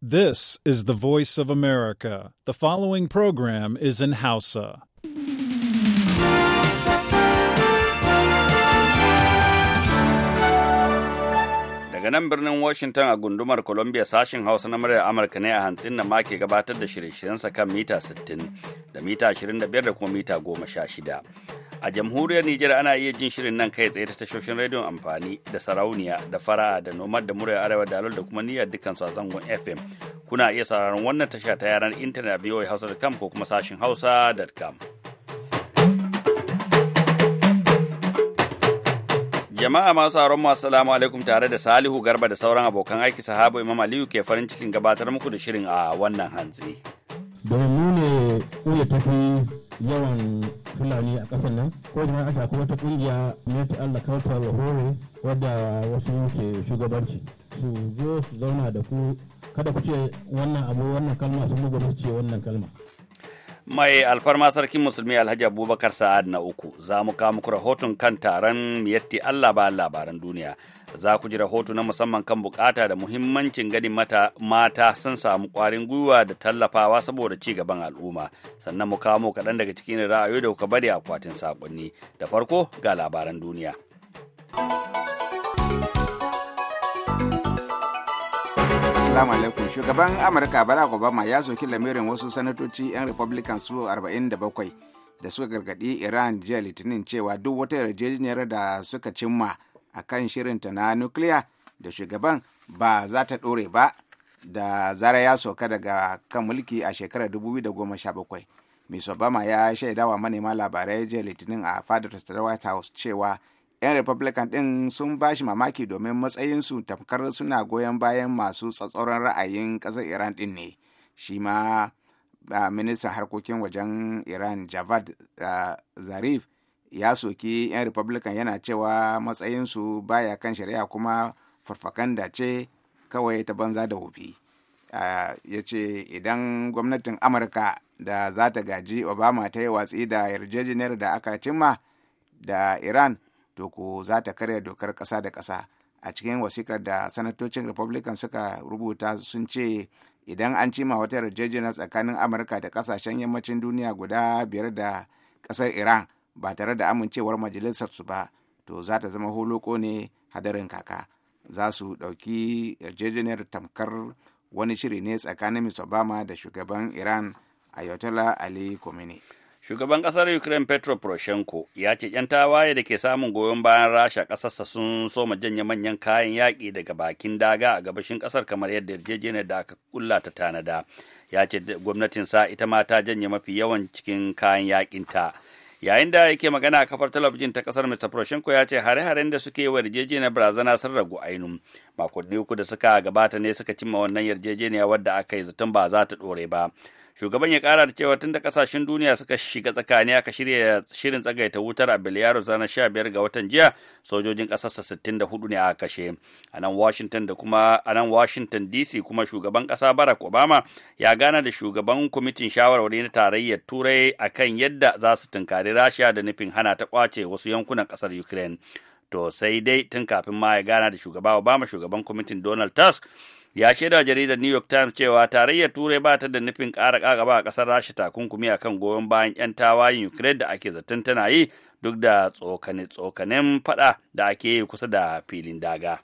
This is the voice of America. The following program is in Hausa. Daga nan birnin Washington a gundumar Columbia sashen Hausa na muryar Amurka ne a hantsin da ma ke gabatar da shirye-shiryensa kan mita 60 da mita 25 da kuma mita 16. a jamhuriyar Nijar ana iya jin shirin nan kai tsaye ta tashoshin rediyon amfani da sarauniya da fara da nomad da muryar arewa da da kuma niyyar dukkan su a zangon fm kuna iya sauraron wannan tasha ta yaran intanet a kam ko kuma sashin hausa.com Jama'a masu sauran masu salamu alaikum tare da Salihu Garba da sauran abokan aiki sahabo Imam Aliyu ke farin cikin gabatar muku da shirin a wannan hantsi. domin mu ne ƙuya tafi yawan fulani a ƙasar nan ko jama'a aka kuma ta ƙungiya ne ta Allah kautar lahore wadda wasu ke shugabanci su zo su zauna da ku kada ku ce wannan abu wannan kalma sun buga musu ce wannan kalma mai alfarma sarkin musulmi alhaji abubakar sa'ad na uku za mu kamo ku rahoton kan taron miyatti allah ba labaran duniya za ku ji rahoto na musamman kan bukata da muhimmancin ganin mata, mata sun samu kwarin gwiwa da tallafawa saboda ci gaban al'umma sannan mu kamo mu kaɗan daga cikin ra'ayoyi da kuka bari akwatin saƙonni da farko ga labaran duniya. Assalamu alaikum. Shugaban Amurka Barack Obama ya soki lamirin wasu sanatoci 'yan Republican su 47 da suka gargadi Iran jiya Litinin cewa duk wata yarjejeniyar da suka cimma a kan shirinta na nukiliya da shugaban ba za ta ɗore ba da zara ya soka daga kan mulki a shekarar 2017. Miss Obama ya shaidawa manema labarai jiya Litinin a fadar White House cewa 'yan republican ɗin sun ba shi mamaki domin matsayinsu tamkar suna goyon bayan masu tsatsauran ra'ayin ƙasar iran ɗin ne shi ma ministan harkokin wajen iran javad zarif ya soki 'yan republican yana cewa matsayinsu baya kan shari'a kuma farfakanda ce kawai ta banza da wofi ya ce idan gwamnatin amurka da za ta gaji obama ta yi watsi da yarjejeniyar da aka cimma da iran to ko za ta karya dokar kasa da kasa a cikin wasikar da sanatocin republican suka rubuta sun ce idan an cima wata yarjejeniya tsakanin amurka da kasashen yammacin duniya guda biyar da kasar iran ba tare da amincewar majalisar su ba to za ta zama holoko ne hadarin kaka za su dauki yarjejeniyar tamkar wani shiri ne tsakanin Mr. Obama da shugaban Iran Ayatollah Ali Khomeini. shugaban ƙasar ukraine petro poroshenko ya ce 'yan tawaye da ke samun goyon bayan rasha ƙasarsa sun soma janye manyan kayan yaƙi daga bakin daga a gabashin ƙasar kamar yadda yarjejeniyar da aka kulla ta tanada ya ce gwamnatin sa ita ma ta janye mafi yawan cikin kayan yaƙin ta. yayin da yake magana a kafar talabijin ta ƙasar mr poroshenko ya ce hare-haren da suke wa yarjejeniyar barazana sun ragu ainun makonni uku da suka gabata ne suka cimma wannan yarjejeniya wadda aka yi zaton ba za ta ɗore ba shugaban ya kara da cewa tun da kasashen duniya suka shiga tsakani aka shirya shirin tsagaita wutar a biliyaro ranar biyar ga watan jiya sojojin kasarsa 64 ne a kashe a nan washington da kuma a nan washington dc kuma shugaban kasa barack obama ya gana da shugaban kwamitin shawarwari na tarayyar turai akan yadda za su tunkari rasha da nufin hana ta kwace wasu yankunan kasar ukraine to sai dai tun kafin ma ya gana da shugaba obama shugaban kwamitin donald tusk ya shaida jaridar New York Times cewa tarayyar Turai ba ta da nufin ƙara ƙagaba a ƙasar Rasha takunkumi a kan goyon bayan 'yan tawayen Ukraine da ake zaton tana yi duk da tsokane-tsokanen faɗa da ake yi kusa da filin daga.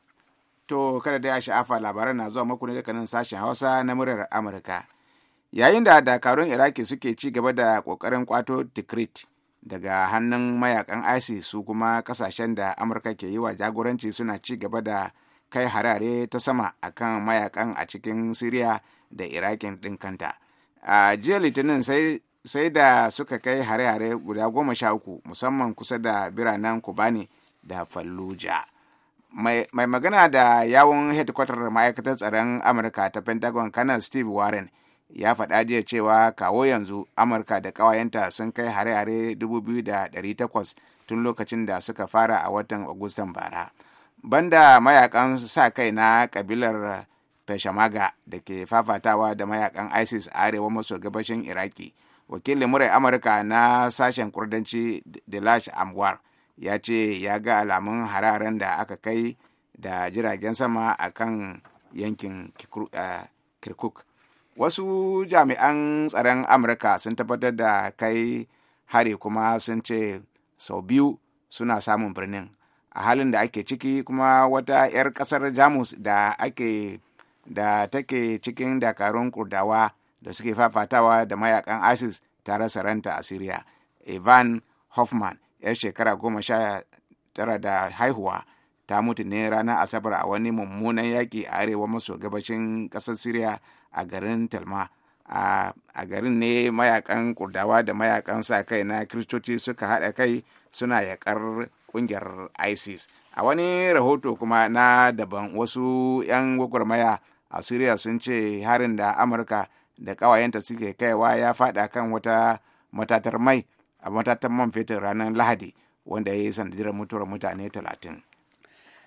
To kada da ya sha'afa labaran na zuwa muku ne daga nan sashen Hausa na murar Amurka. Yayin da dakarun Iraki suke ci gaba da ƙoƙarin kwato Tikrit daga hannun mayakan ISIS su kuma kasashen da Amurka ke yi wa jagoranci suna ci gaba da kai harare ta sama akan mayakan a cikin siriya da iraƙin ɗin kanta a jiya litinin sai da suka kai hare-hare guda goma sha uku musamman kusa da biranen kubani da falluja mai, magana da yawon headquarter ma'aikatar tsaron amurka ta pentagon kanar steve warren ya faɗa jiya cewa kawo yanzu amurka da ƙawayenta sun kai hare-hare 2,800 tun lokacin da suka fara a watan agustan bara banda mayakan sa kai na kabilar peshamaga da ke fafatawa da mayakan isis a arewa maso gabashin iraki wakilin murai amurka na sashen kurdanci delash amwar ya ce ya ga alamun hararen da aka kai da jiragen sama a kan yankin kirkuk wasu jami'an tsaron amurka sun tabbatar da kai hari kuma sun ce sau biyu suna samun birnin a halin da ake ciki kuma wata 'yar kasar jamus da ake da take cikin dakarun kurdawa da suke fafatawa da mayakan isis tare ranta a syria evan hoffman 'yar shekara goma sha tara da haihuwa ta mutu ne ranar asabar a wani mummunan yaƙi a arewa maso gabashin ƙasar syria a garin talma a garin ne mayakan kurdawa da mayakan sa kai na kiristoci suka haɗa kai suna yaƙar kungiyar isis a wani rahoto kuma na daban wasu 'yan gwagwarmaya a syria sun ce harin da amurka da kawayenta suke kaiwa ya fada kan wata matatar mai a matatar man fetur ranar lahadi wanda ya yi sanadiyar mutuwar mutane talatin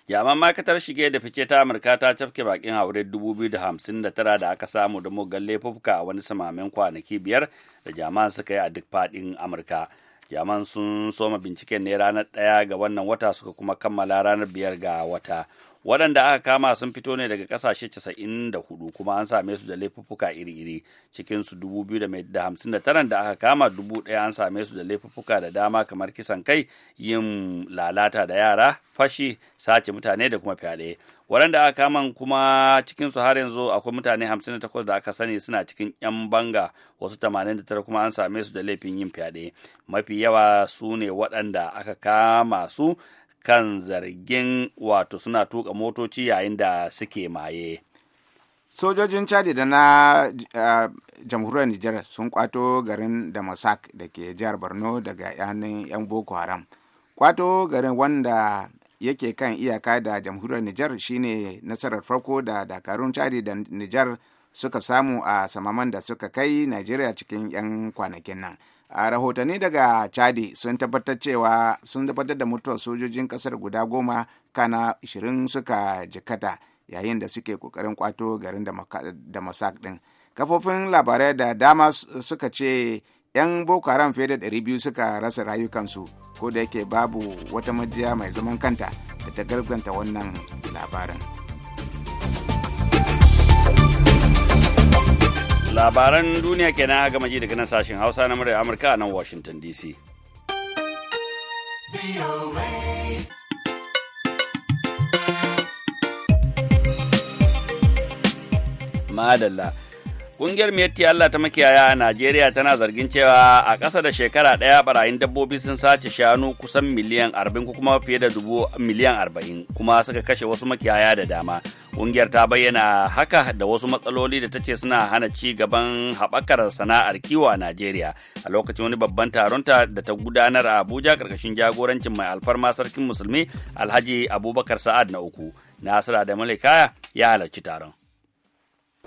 yaman makatar shige da fice ta amurka ta cafke bakin haure 2059 da aka samu da muggan laifuffuka a wani samamen kwanaki biyar da jama'a suka yi a duk fadin amurka jaman sun soma binciken ne ranar ɗaya ga wannan wata suka kuma kammala ranar biyar ga wata waɗanda aka kama sun fito ne daga ƙasashe 94 kuma an same su da laifuffuka iri-iri cikin su 2,059 da aka kama 1,000 an same su da laifuffuka da dama kamar kisan kai yin lalata da yara fashi sace mutane da kuma fyaɗe waɗanda aka kama kuma cikin su har yanzu akwai mutane 58 da aka sani suna cikin 'yan banga wasu 89 kuma an same su da laifin yin fyaɗe mafi yawa su ne waɗanda aka kama su kan zargin wato suna tuka motoci yayin da suke maye sojojin chadi da na jamhuriyar nijar sun kwato garin da masak da ke jihar borno daga yanin yan boko haram kwato garin wanda yake kan iyaka da jamhuriyar nijar shine nasarar farko da dakarun chadi da nijar suka samu a samaman da suka kai najeriya cikin 'yan kwanakin nan a rahotanni daga chadi sun tabbatar cewa sun tabbatar da mutuwar sojojin kasar guda goma kana 20 suka jikata yayin da suke kokarin kwato garin da masak din kafofin labarai da dama suka ce 'yan boko haram fiye da 200 suka rasa rayukansu ko da yake babu wata majiya mai zaman kanta da ta garganta wannan labarin labaran duniya kenan a gama ji daga nan sashen hausa na murya amurka a nan washington dc madalla Ƙungiyar Mietti Allah ta makiyaya a Najeriya tana zargin cewa a ƙasa da shekara ɗaya barayin dabbobi sun sace shanu kusan miliyan arba'in ko kuma fiye da dubu miliyan arba'in kuma suka kashe wasu makiyaya da dama. Ƙungiyar ta bayyana haka da wasu matsaloli da ta ce suna hana ci gaban haɓakar sana'ar kiwo a Najeriya a lokacin wani babban taron taronta da ta gudanar a Abuja ƙarƙashin jagorancin mai alfarma sarkin musulmi Alhaji Abubakar Sa'ad na uku. Nasira da Malikaya ya halarci taron.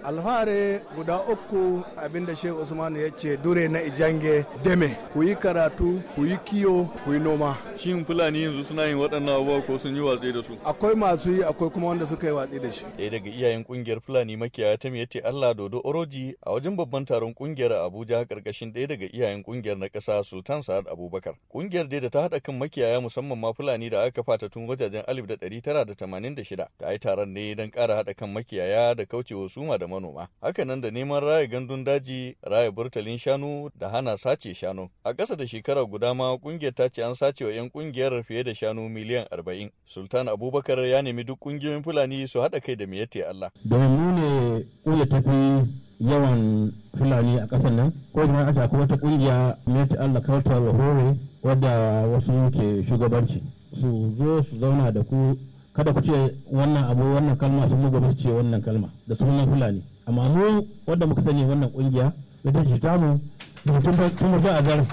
alfare guda uku abinda shehu usman ya ce dure na ijange deme ku yi karatu ku yi kiyo ku yi noma shin fulani yanzu suna yin waɗannan abubuwa ko sun yi watsi da su akwai masu yi akwai kuma wanda suka yi watsi da shi ɗaya daga iyayen kungiyar fulani makiyaya ta ce allah dodo oroji a wajen babban taron kungiyar abuja karkashin ɗaya daga iyayen kungiyar na ƙasa sultan sa'ad abubakar kungiyar dai da ta haɗa kan makiyaya musamman ma fulani da aka fata tun wajajen alif da ɗari tara da tamanin da shida ta yi taron ne don ƙara haɗa kan makiyaya da kaucewa suma da manoma. Hakanan da neman raya gandun daji, raya burtalin shanu da hana sace shanu. A ƙasa da shekara guda ma ƙungiyar ta ce an sace wa 'yan ƙungiyar fiye da shanu miliyan arba'in. Sultan Abubakar ya nemi duk ƙungiyoyin Fulani su haɗa kai da miyatti Allah. Domin mu ne ƙulla tafi yawan fulani a ƙasar nan ko da aka kuma ta ƙungiya meti allah kautar hore wadda wasu ke shugabanci su zo su zauna da ku kada ku ce wannan abu wannan kalma sun gaba su ce wannan kalma da sunan fulani amma mu wanda muka sani wannan kungiya ita ce tamu tun mutu a zar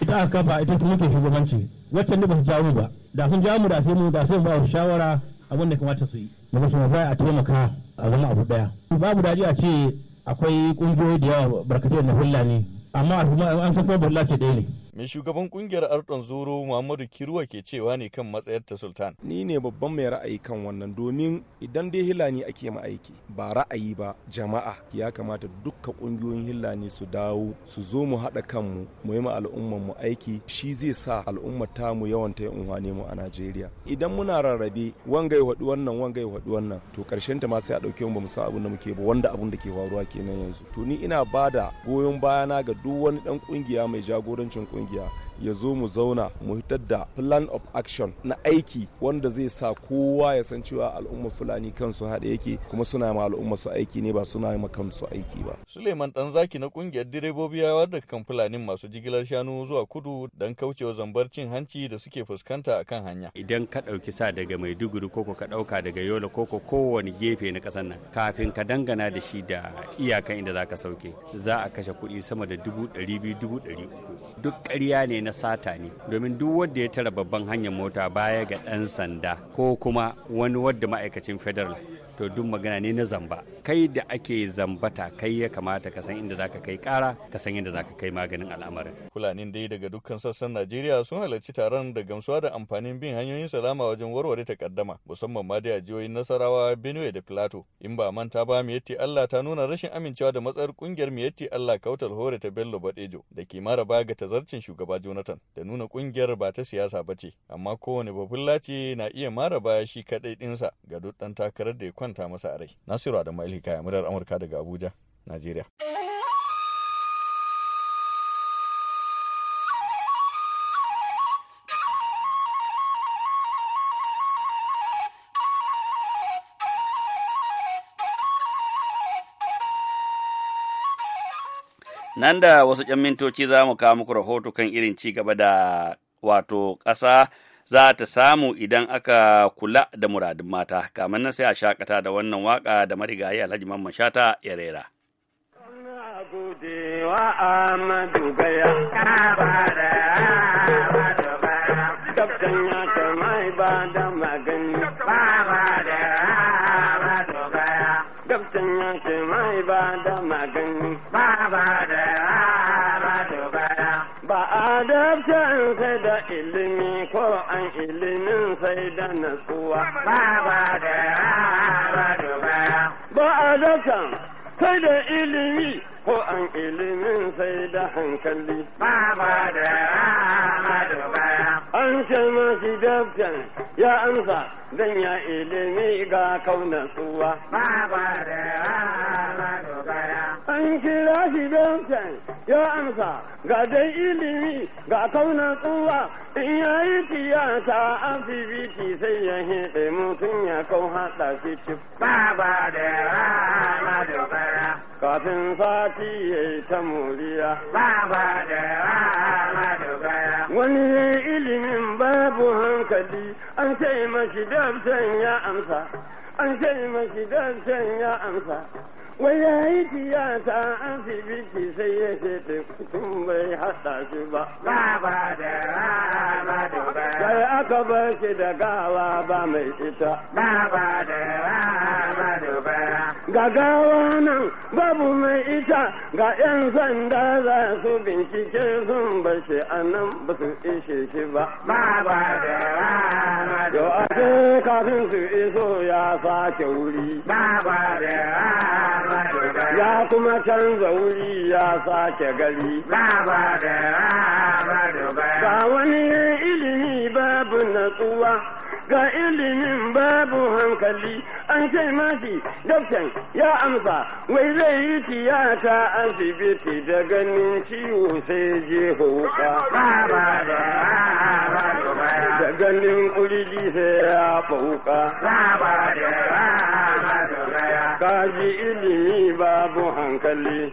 ita aka ba ita ta muke shugabanci wacce ne ba su jawo ba da sun jawo mu da sai mu da sai mu ba su shawara abin da kamata su yi mu ba su ba a taimaka a zama abu daya babu daji a ce akwai kungiyoyi da yawa barkatai na fulani amma an san kuma bulla ce ɗaya ne mai shugaban kungiyar Ardon Zoro Muhammadu Kiruwa ke cewa ne kan matsayar ta Sultan. Ni ne babban mai ra'ayi kan wannan domin idan dai Hilani ake ma aiki ba ra'ayi ba jama'a ya kamata dukka kungiyoyin Hilani su dawo su zo mu haɗa kanmu mu yi ma al'ummar mu aiki shi zai sa al'ummar mu yawan ta ne mu a Najeriya. Idan muna rarrabe wanga ya haɗu wannan wanga ya haɗu wannan to karshen ta ma sai a ɗauke mu ba mu san abin da muke ba wanda abin da ke faruwa kenan yanzu. To ni ina bada goyon bayana ga duk wani ɗan kungiya mai jagorancin kungiya Thank y'all. ya zo mu zauna mu hitar da plan of action na aiki wanda zai sa kowa ya san cewa al'ummar fulani kansu haɗe yake kuma suna ma al'umma su aiki ne ba suna ma kansu aiki ba suleiman zaki na kungiyar direbobi ya wadda kan fulanin masu jigilar shanu zuwa kudu dan kaucewa zambar cin hanci da suke fuskanta a kan hanya idan ka ɗauki sa daga maiduguri koko ka ɗauka daga yola koko kowane gefe na ƙasar nan kafin ka dangana da shi da iyakan inda za ka sauke za a kashe kuɗi sama da dubu ɗari biyu dubu ɗari uku duk ƙarya ne na sata ne domin duk wanda ya tara babban hanyar mota baya ga ɗan sanda ko kuma wani wadda ma'aikacin federal to duk magana ne na zamba kai da ake zambata kai ya kamata ka san inda zaka kai kara ka san inda zaka kai maganin al'amarin fulanin dai daga dukkan sassan najeriya sun halarci taron da gamsuwa da amfanin bin hanyoyin salama wajen warware takaddama musamman ma da jihohin nasarawa benue da plato in ba manta ba yatti allah ta nuna rashin amincewa da matsayar kungiyar miyatti allah kautal hore ta bello badejo da ke mara baya ga tazarcin shugaba jonathan da nuna kungiyar ba ta siyasa ba ce amma kowane babullaci na iya mara baya shi kadai dinsa ga duk dan takarar da ya kwanta masa a rai nasiru adamu alhikaya murar amurka daga abuja najeriya nan da wasu 'yan mintoci za mu kawo muku rahoto kan irin ci gaba da wato ƙasa za ta samu idan aka kula da muradin mata kamar na sai a shakata da wannan waka da marigayi alhaji mamman shata ya rera Ahmadu Gaya, an ilimin sai da nasuwa. ba da ba da baya ba a dakan sai da ilimi ko an ilimin sai da hankali ba ba da ba da baya an ce mashi daftan ya amsa dan ya ilimi ga kaunatsuwa ba ba da ba da an kira shi don can ya amsa ga dai ilimi ga kaunar tsuwa in ya yi tiyata asibiti sai ya hiɗe mutum ya kau hada shi ci baba da rana da bara kafin sati ya yi ta muriya baba da rana da bara wani ya yi ilimin babu hankali an sai mashi dabtan ya amsa an sai mashi dabtan ya amsa wai ya yi tiyata an fi biki sai ya ce tun bai haɗa shi ba. Ba ba da ba da ba. Sai aka bar shi da gawa ba mai ita. Ba ba da ba ba ba. Ga gawa nan babu mai ita ga 'yan sanda za su bincike sun bashi anan nan ba su ishe shi ba. Ba ba da ba ba ba. kafin su iso ya sake wuri. Ba ba da ba ba ba. Ya kuma canza wuri ya sake gari. Ba ba da ba ba da ba. Ga wani ilimi babu natsuwa ga ilimin babu hankali an ce mafi daftan ya amsa wai zai yi tiyata asibiti da ganin ciwo sai je hauka da ganin kuliji sai ya fauka kaji ilimi babu hankali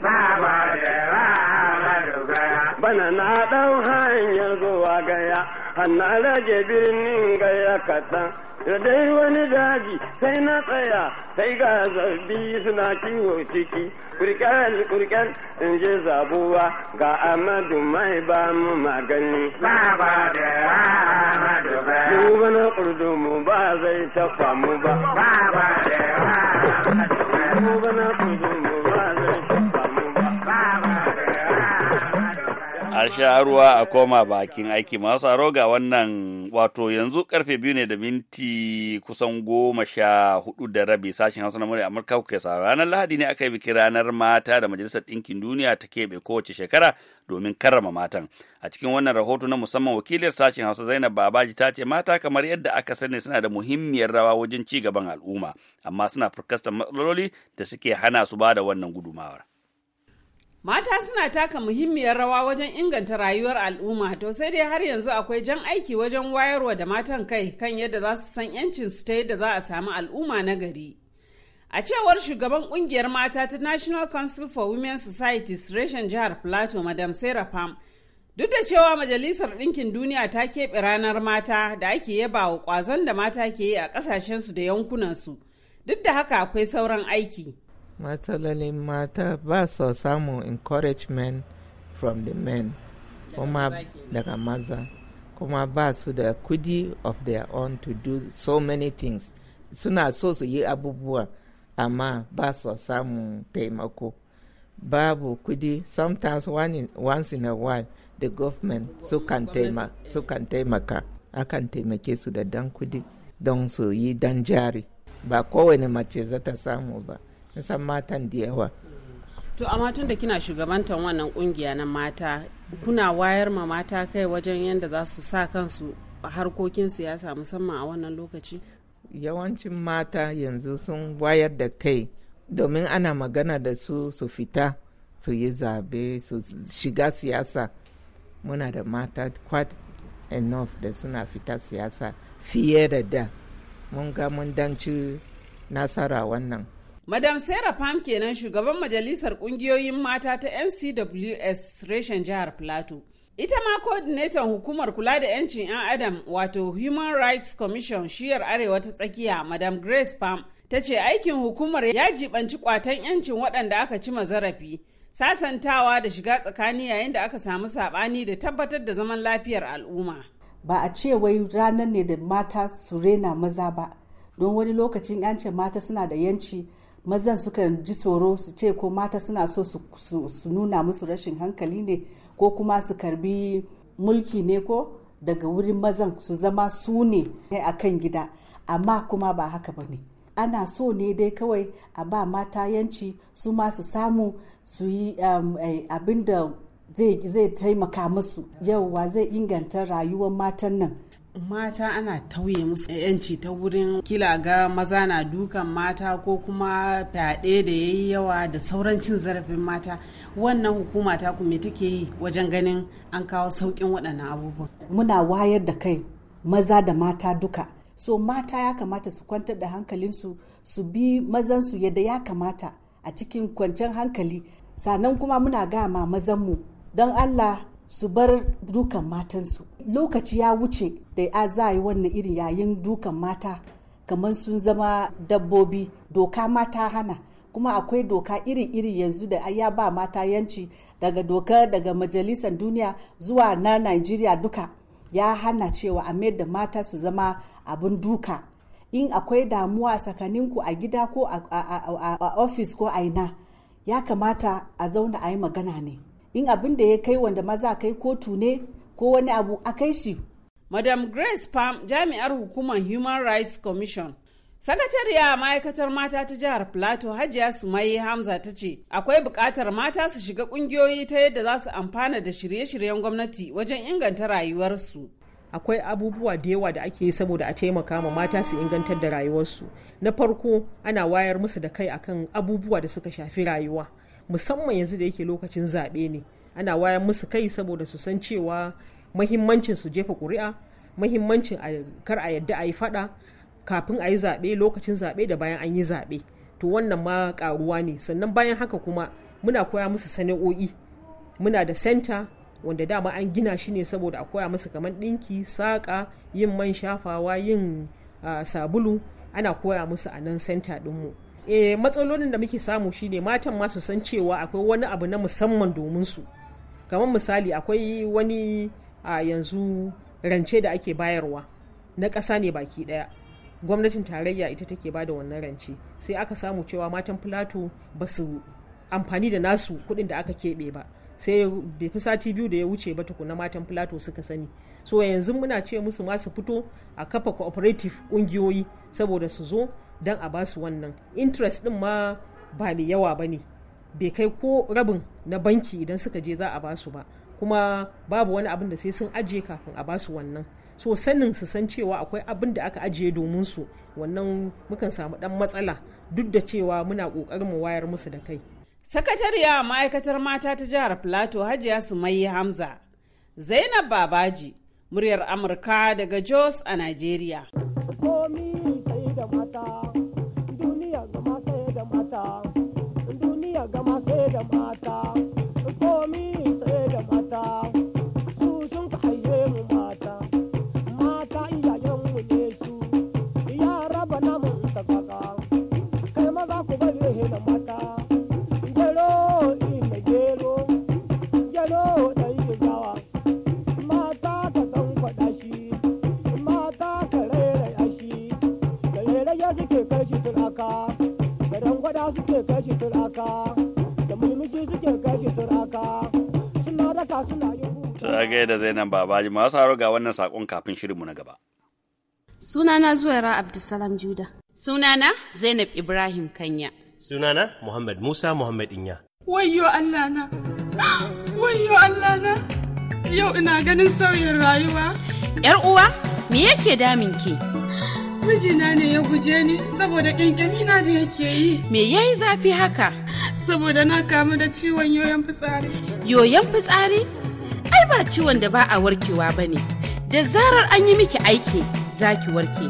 bana na ɗau hanyar zuwa gaya alaje birnin gaya kaɗan da dai wani daji sai na tsaya sai ga zarbi suna kiwo ciki kurken kurken in je zabuwa ga amadu mai ba mu magani ba ba da amadu ba duba na mu ba zai tafa mu ba ba ba da amadu ba duba na mu a sha ruwa a koma bakin aiki masu tsaro ga wannan wato yanzu karfe biyu ne da minti kusan goma sha hudu da rabi sashen hausa na murya amurka kuke sa ranar lahadi ne aka yi bikin ranar mata da majalisar ɗinkin duniya ta keɓe kowace shekara domin karrama matan a cikin wannan rahoto na musamman wakilar sashen hausa zainab babaji ta ce mata kamar yadda aka sani suna da muhimmiyar rawa wajen ci gaban al'umma amma suna fuskantar matsaloli da suke hana su ba da wannan gudumawar Mata suna taka muhimmiyar rawa wajen inganta rayuwar al'umma to sai dai har yanzu akwai jan aiki wajen wayarwa da matan kai kan yadda za su san 'yancin su ta yadda za a samu al'umma na gari. A cewar shugaban kungiyar mata ta National Council for Women Societies reshen jihar Plateau Madam Sarah Pam, duk da cewa Majalisar Ɗinkin Duniya ta keɓe ranar mata da ake yaba wa ƙwazon da mata ke yi a ƙasashensu da yankunansu, duk da haka akwai sauran aiki. matsalolin mata ba su samun encouragement from the men kuma daga maza kuma ba su da kudi of their own to do so many things suna so su yi abubuwa amma ba su samun taimako babu kudi sometimes one in, once in a while the government sukan eh. so taimaka akan taimake su da dan kudi don su yi dan jari ba kowane mace za ta samu ba san matan da yawa to amma tun da kina shugabantar wannan kungiya na mata kuna wayar ma mata kai wajen yadda za su sa kansu harkokin siyasa musamman a wannan lokaci yawancin mata yanzu sun wayar da kai domin ana magana da su su fita su yi zabe su shiga siyasa muna da mata quite enough da suna fita siyasa fiye da da mun ga mun danci nasara wannan Madam Sarah Pam kenan shugaban majalisar kungiyoyin mata ta NCWS reshen jihar Plateau. Ita ma coordinator hukumar kula da 'yancin 'yan Adam wato Human Rights Commission shiyar Arewa ta tsakiya Madam Grace Pam ta ce aikin hukumar ya jibanci kwatan 'yancin waɗanda aka ci zarafi. sasantawa da shiga tsakani yayin da aka samu saɓani da tabbatar da zaman lafiyar al'umma. Ba a ce wai ranar ne da mata su rena maza ba, don wani lokacin yancin mata suna da yanci mazan suka ji tsoro su ce ko mata suna so su nuna musu rashin hankali ne ko kuma su karbi mulki ne ko daga wurin mazan su zama su ne a kan gida amma kuma ba haka ba ne ana so ne dai kawai a ba mata yanci su ma su samu su yi um, eh, abin da zai taimaka musu yauwa zai inganta rayuwar matan nan mata ana tauye musu yanci ta wurin kila ga maza na dukan mata ko kuma fyaɗe da ya yi yawa da sauran cin zarafin mata wannan hukuma ta kuma take yi wajen ganin an kawo saukin waɗannan abubuwan muna wayar da kai maza da mata duka so mata ya kamata su kwantar da hankalinsu su bi mazansu yadda ya kamata a cikin kwanciyar hankali sannan kuma muna gama mazanmu don allah su bar dukan matansu lokaci ya wuce da ya za a yi wannan irin yayin dukan mata kamar sun zama dabbobi doka mata hana kuma akwai doka iri-iri yanzu da ya ba mata yanci daga doka daga majalisar duniya zuwa na nigeria duka ya hana cewa a mayar da mata su zama abin duka in akwai damuwa tsakaninku a gida ko a ofis ko a ina ya kamata a zauna a yi magana ne in abin da ya kai wanda maza kai kotu ne ko wani abu a kai shi madam grace pam jami'ar hukumar human rights commission sakatariya ma'aikatar mata ta jihar plateau hajiya sumaye hamza ta ce akwai bukatar mata su shiga ƙungiyoyi ta yadda za su amfana da shirye-shiryen gwamnati wajen inganta rayuwarsu akwai abubuwa da yawa da ake yi saboda a taimaka ma mata su ingantar da rayuwarsu na farko ana wayar musu da kai akan abubuwa da suka shafi rayuwa musamman yanzu da yake lokacin zaɓe ne ana wayan musu kai saboda su san cewa mahimmancin su jefa ƙuri'a mahimmancin kar a yadda a yi faɗa kafin a yi zaɓe lokacin zaɓe da bayan an yi zaɓe to wannan ma ƙaruwa ne sannan bayan haka kuma muna koya musu sana'o'i muna da senta wanda dama an gina shi ne saboda a koya musu kamar ɗinki saƙa yin man shafawa yin ah, sabulu ana koya musu a nan senta ɗinmu e, matsalolin da muke samu shine matan masu san cewa akwai wani abu na musamman domin su kamar misali akwai wani a yanzu rance da ake bayarwa na ƙasa ne baki ɗaya gwamnatin tarayya ita take ba da wannan rance sai aka samu cewa matan filato ba su amfani da nasu kuɗin da aka keɓe ba sai bai fi sati biyu da ya wuce ba tukuna matan plato suka sani so yanzu muna ce musu masu fito a kafa cooperative kungiyoyi saboda su zo don a basu wannan interest din ma ba mai yawa ba ne bai kai ko rabin na banki idan suka je za a basu ba kuma babu wani abin da sai sun ajiye kafin a basu wannan so sanin su san cewa akwai abin da aka ajiye domin su wannan mukan samu dan matsala duk da cewa muna kokarin mu wayar musu da kai Sakatariya a ma'aikatar mata ta jihar Filato, Hajiya Sumayi Hamza. Zainab Babaji, muryar Amurka daga Jos a Najeriya. da Zainab Babaji masu haro ga wannan saƙon kafin shirinmu na gaba. Sunana Zuwaira Abdulsalam Juda. Sunana Zainab Ibrahim Kanya. Sunana Muhammad Musa Muhammad Inya. Wayyo Allah na. Wayyo Allah na. Yau ina ganin sauyin rayuwa. Yar uwa, me yake damin ki? Mijina ne ya guje ni saboda na da yake yi. Me yayi zafi haka? Saboda na kamu da ciwon yoyon fitsari. Yoyon fitsari? ai ba ciwon da ba a warkewa ba ne da zarar an yi miki aiki za ki warke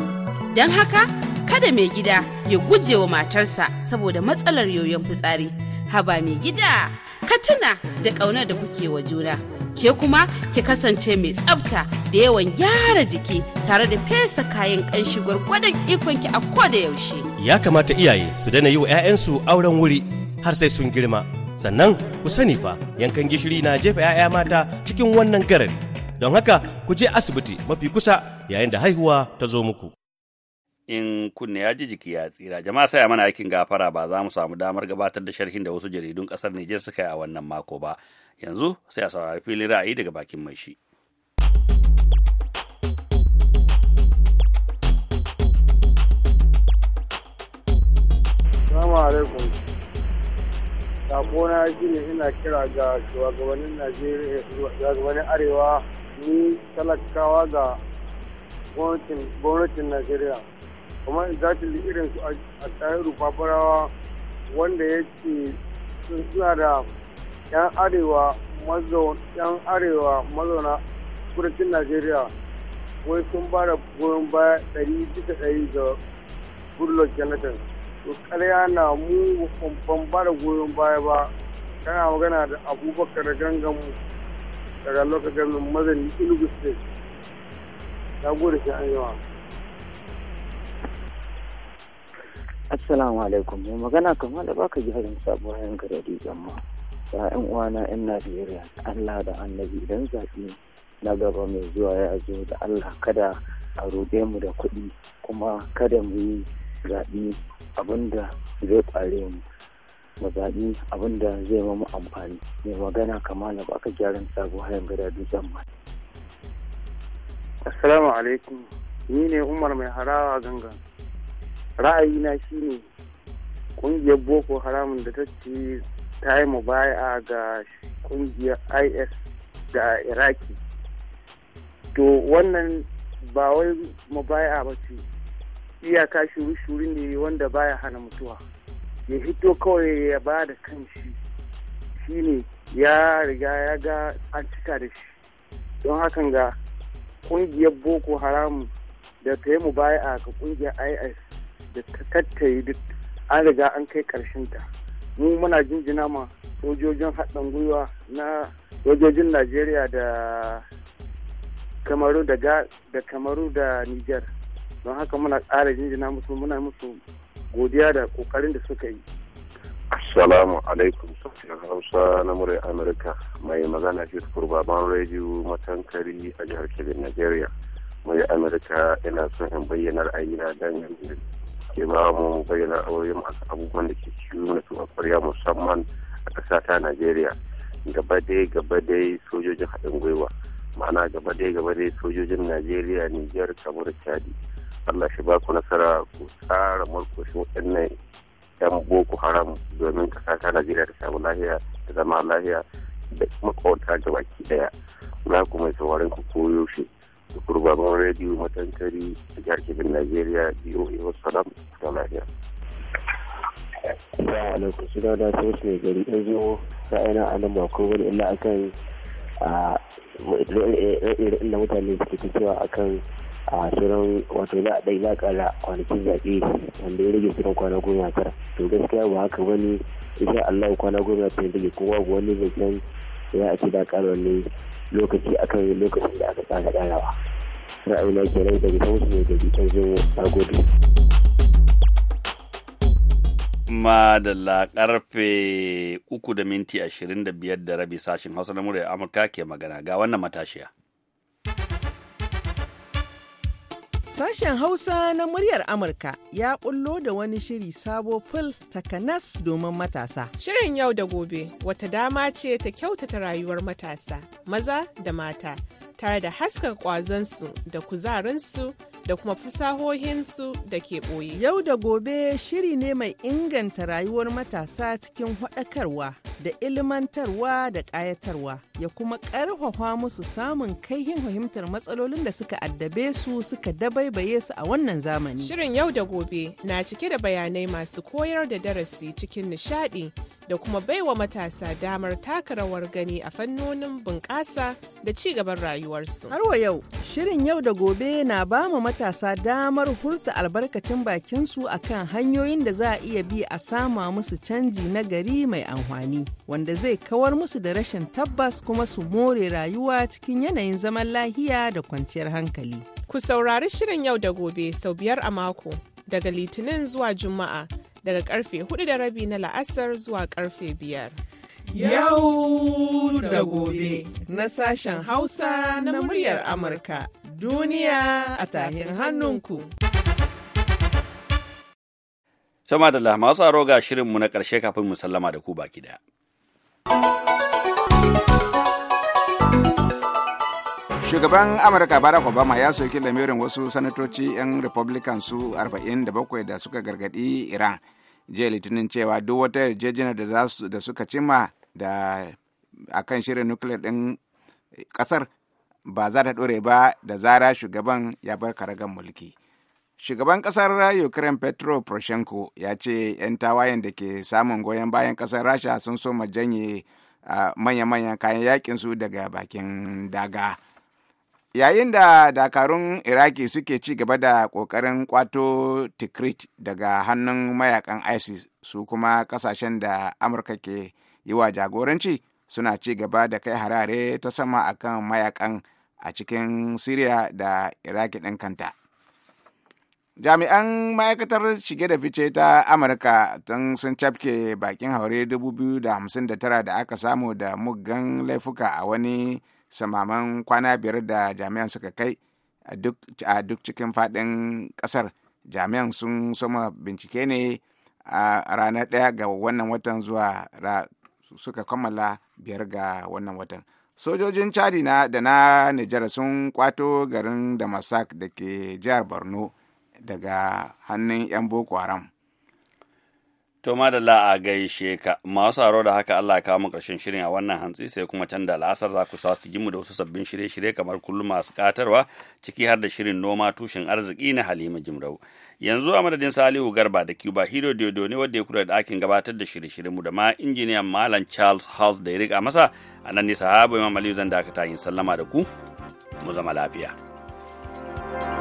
don haka kada mai gida ya guje wa matarsa saboda matsalar yoyon fitsari haba mai gida ka tuna da ƙaunar da kuke wa juna ke kuma ki kasance mai tsafta da yawan gyara jiki tare da fesa kayan ƙanshi gwargwadon ikonki a da yaushe ya kamata iyaye su dana yi wa 'ya'yansu auren wuri har sai sun girma sannan ku sani fa yankan gishiri na jefa 'ya'ya mata cikin wannan garari don haka ku je asibiti mafi kusa yayin da haihuwa ta zo muku in kunne ya ji jiki ya tsira jama'a sai mana aikin gafara ba za mu samu damar gabatar da sharhin da wasu jaridun kasar Nijar suka yi a wannan mako ba yanzu sai a saurari filin ra'ayi daga bakin mai shi Assalamu alaikum sakona shine ina kira ga shugabannin najeriya shugabannin arewa ni talakawa ga gwamnatin najeriya kuma exactly irin su a tsayiru fafarawa wanda ya ce suna da yan arewa yan arewa mazauna kudancin najeriya wai sun ba da goyon baya ɗari ga goodluck jonathan to ƙarya na mu ban ba da goyon baya ba kana magana da abubakar mu daga lokacin mazani ilugu ya gode shi an yawa assalamu alaikum mai magana kamar da baka gyaran sabuwar yanka da jama'a ‘ya'yan uwana 'yan Najeriya, Allah da annabi idan zaɓi na gaba mai zuwa ya zo da Allah kada a roɗe mu da kuɗi kuma kada mu yi zaɓi abin da zai ƙware mu mu zaɓi abin zai mamu amfani mai magana da ba aka gyaran sabo hayan gada dutsen ma. assalamu alaikum ni ne umar mai harawa gangan ra'ayina ne. ƙungiyar boko haramun da ta ci ta yi baya ga ƙungiyar is da iraki to wannan ba wai mubaya ba ce iyaka shuri-shuri ne wanda baya hana mutuwa ya hito kawai ya ba da kan shi shi ne ya riga ya ga an cika da shi don hakan ga kungiyar boko haramu da ta yi mu baya a ga kungiyar is da ta tattaye duk an riga an kai ta mu muna jinjina ma sojojin haɗin gwiwa na sojojin najeriya da kamaru da kamaru da niger don haka muna ƙara jinjina musu muna musu godiya da ƙoƙarin da suka yi Assalamu alaikum sashen Hausa na murai Amurka mai magana shi baban rediyo matankari a jihar Kebbi, Nigeria. mai Amurka ina son in bayyana ra'ayina don yanzu ke ba mu bayyana masu abubuwan da ke ciwo na tuwa kwarya musamman a ƙasa ta Nigeria. Gaba dai sojojin haɗin gwiwa. ma'ana gaba dai gaba dai sojojin najeriya niger kamar chadi allah shi ba ku nasara ku tsara markoshin waɗannan yan boko haram domin kasa ta najeriya ta samu lahiya da zama lahiya da kuma kawanta ga baki daya na kuma mai sauraron ku koyo shi da kurbaban rediyo matankari a jihar kebin najeriya doa salam da lahiya wa alaikum suna da ta wasu gari ɗan akan a da mutane suke ta cewa kan a shirin wato za a ɗai za ƙara kwanakin zaɓe wanda ya rage shirin kwana goma tara to gaskiya ba haka wani insha allahu kwana goma tara rage kowa wani zancen ya a ci da ƙara wani lokaci akan lokacin da aka tsara ƙarawa a kenan daga kan su ne da ta zo na gode. Madalla karfe uku da minti ashirin da biyar da rabi sashen Hausa na muryar Amurka ke magana ga wannan matashiya. Sashen Hausa na muryar Amurka ya ƙullo da wani shiri sabo fil takanas domin matasa. Shirin yau da gobe wata dama ce ta kyautata rayuwar matasa, maza da mata, tare da haska kwazansu da kuzarinsu da kuma fasahohinsu da ke ɓoye. Yau da gobe shiri ne mai inganta rayuwar matasa cikin haɗakarwa da ilmantarwa da ƙayatarwa ya kuma ƙarfafa musu samun kaihin fahimtar matsalolin da suka addabe su suka dabaibaye su a wannan zamani. Shirin yau da gobe na cike da bayanai masu koyar da darasi cikin nishaɗi da kuma baiwa matasa damar taka rawar gani a fannonin bunƙasa da ci gaban rayuwarsu. Har wa yau, shirin yau da gobe na ba mu matasa damar hurta albarkacin bakinsu a kan hanyoyin da za a iya bi a sama musu canji na gari mai amfani, wanda zai kawar musu da rashin tabbas kuma su more rayuwa cikin yanayin zaman lahiya da kwanciyar hankali. Ku saurari shirin yau da gobe sau biyar a mako daga Litinin zuwa Juma'a daga karfe 4 da rabi na la'asar zuwa karfe biyar. Yau da gobe na sashen Hausa na muryar Amurka duniya a tahin hannunku. Sama da masu aro ga shirinmu na ƙarshe kafin mu sallama da ku baki daya. shugaban amurka barack obama ya soki lamirin wasu sanatoci 'yan republican su 47 da suka gargadi iran jiya litinin cewa duk wata yarjejeniyar da suka cima da akan shirin nukiliyar din kasar ba za ta dore ba da zara shugaban ya bar karagan mulki shugaban kasar ukraine petro poroshenko ya ce 'yan tawayen da ke samun goyon bayan kasar rasha sun so janye ah, manya-manyan kayan yakin su daga bakin daga. yayin da dakarun iraki suke ci gaba da kokarin kwato tikrit daga hannun mayakan isis su kuma kasashen da amurka ke yi wa jagoranci suna ci gaba da kai harare ta sama akan mayakan a cikin syria da iraki ɗin kanta jami'an ma'aikatar shige da fice ta amurka tun sun cafke bakin haure 259 da aka samu da muggan laifuka a wani samaman kwana biyar da jami'an suka kai a duk cikin faɗin ƙasar jami'an sun soma bincike ne a ranar ɗaya ga wannan watan zuwa suka kammala biyar ga wannan watan sojojin chadi na da na nijar sun kwato garin damasak da ke jihar borno daga hannun 'yan boko haram To da a gaishe ka masu haro da haka Allah ya kawo mu ƙarshen shirin a wannan hantsi sai kuma can da la'asar za ku sa mu da wasu sabbin shirye-shirye kamar kullum masu katarwa ciki har da shirin noma tushen arziki na Halima Jimrau. Yanzu a madadin Salihu Garba da Cuba Hiro dodo ne wanda ya kula da ɗakin gabatar da shirye-shiryen mu da ma injiniyan Malam Charles House da ya riƙa masa a nan ne sahabu Imam Aliyu zan dakata yin sallama da ku mu zama lafiya. thank you